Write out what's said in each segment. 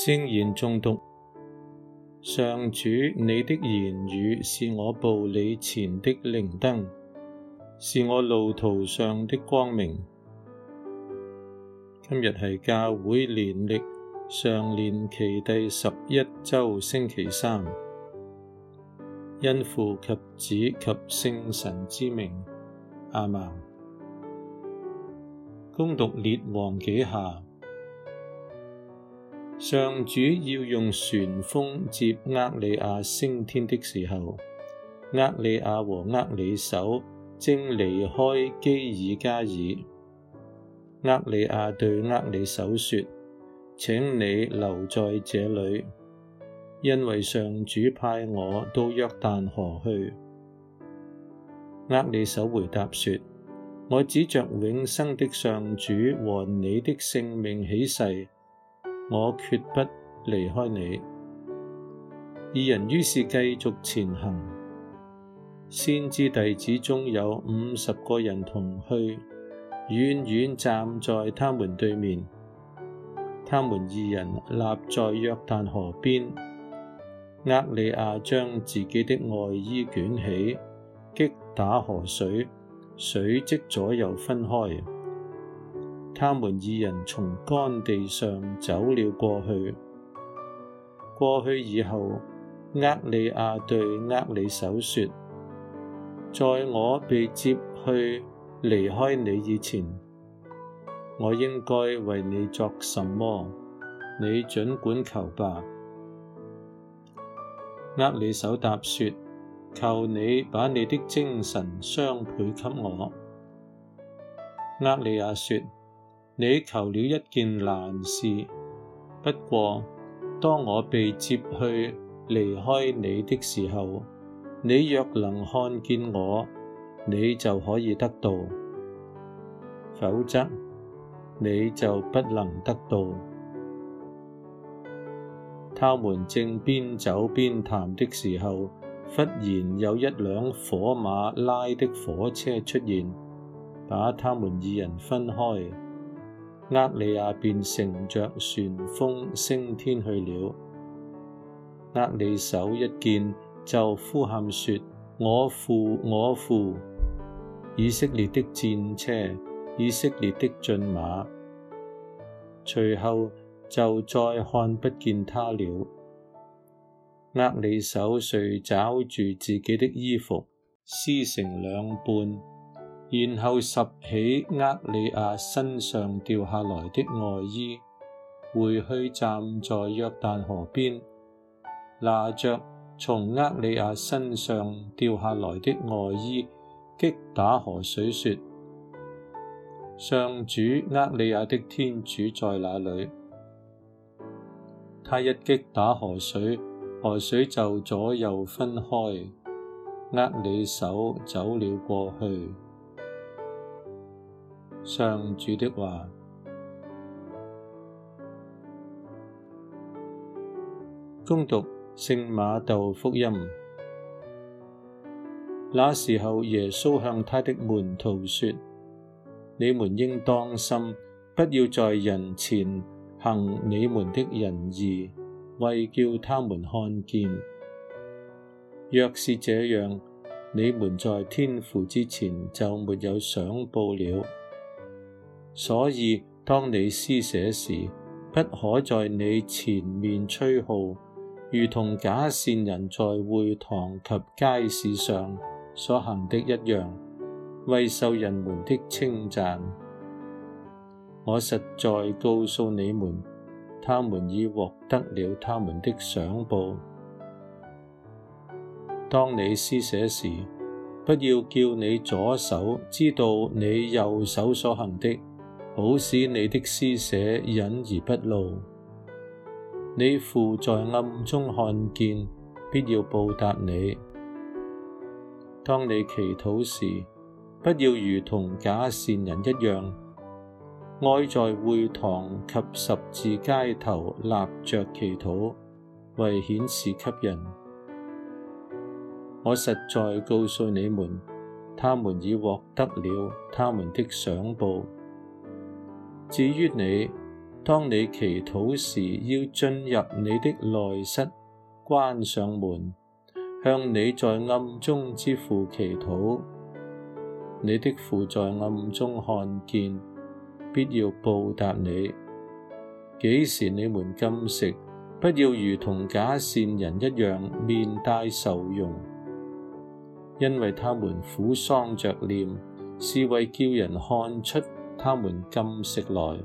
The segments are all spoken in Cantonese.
聖言誦讀，上主，你的言語是我步履前的靈燈，是我路途上的光明。今日係教會年曆常年期第十一周星期三，因父及子及聖神之名，阿門。恭讀列王記下。上主要用旋風接厄里亞升天的時候，厄里亞和厄里叟正離開基耳加耳。厄里亞對厄里叟說：請你留在這裏，因為上主派我到約旦河去。厄里叟回答說：我指着永生的上主和你的性命起誓。我決不離開你。二人於是繼續前行，先知弟子中有五十個人同去，遠遠站在他們對面。他們二人立在約旦河邊，厄里亞將自己的外衣捲起，擊打河水，水即左右分開。他們二人從乾地上走了過去。過去以後，厄里亞對厄里叟說：在我被接去離開你以前，我應該為你作什麼？你儘管求吧。厄里叟答說：求你把你的精神雙倍給我。厄里亞說。你求了一件難事。不過，當我被接去離開你的時候，你若能看見我，你就可以得到；否則，你就不能得到。他們正邊走邊談的時候，忽然有一輛火馬拉的火車出現，把他們二人分開。厄里亞便乘着旋風升天去了。厄里叟一見，就呼喊説：我父，我父！以色列的戰車，以色列的駿馬。隨後就再看不見他了。厄里叟遂抓住自己的衣服，撕成兩半。然後拾起厄里亞身上掉下來的外衣，回去站在約旦河邊，拿着從厄里亞身上掉下來的外衣擊打河水，說：上主厄里亞的天主在哪裏？他一擊打河水，河水就左右分開，厄里叟走了過去。上主的話，恭讀聖馬竇福音。那時候，耶穌向他的門徒說：你們應當心，不要在人前行你們的仁義，為叫他們看見。若是這樣，你們在天父之前就沒有賞報了。所以，當你施捨時，不可在你前面吹號，如同假善人在會堂及街市上所行的一樣，為受人們的稱讚。我實在告訴你們，他們已獲得了他們的賞報。當你施捨時，不要叫你左手知道你右手所行的。好使你的施捨隱而不露，你父在暗中看見，必要報答你。當你祈禱時，不要如同假善人一樣，愛在會堂及十字街頭立着祈禱，為顯示給人。我實在告訴你們，他們已獲得了他們的賞報。至於你，當你祈禱時，要進入你的內室，關上門，向你在暗中之父祈禱。你的父在暗中看見，必要報答你。幾時你們禁食，不要如同假善人一樣，面帶愁容，因為他們苦喪着臉，是為叫人看出。他們禁食來，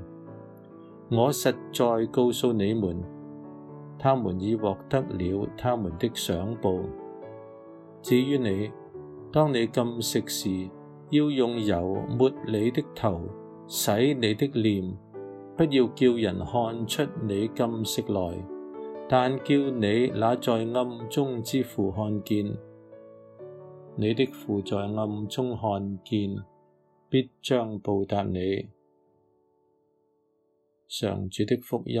我實在告訴你們，他們已獲得了他們的賞報。至於你，當你禁食時，要用油抹你的頭，洗你的臉，不要叫人看出你禁食來，但叫你那在暗中之父看見，你的父在暗中看見。必將報答你。上主的福音。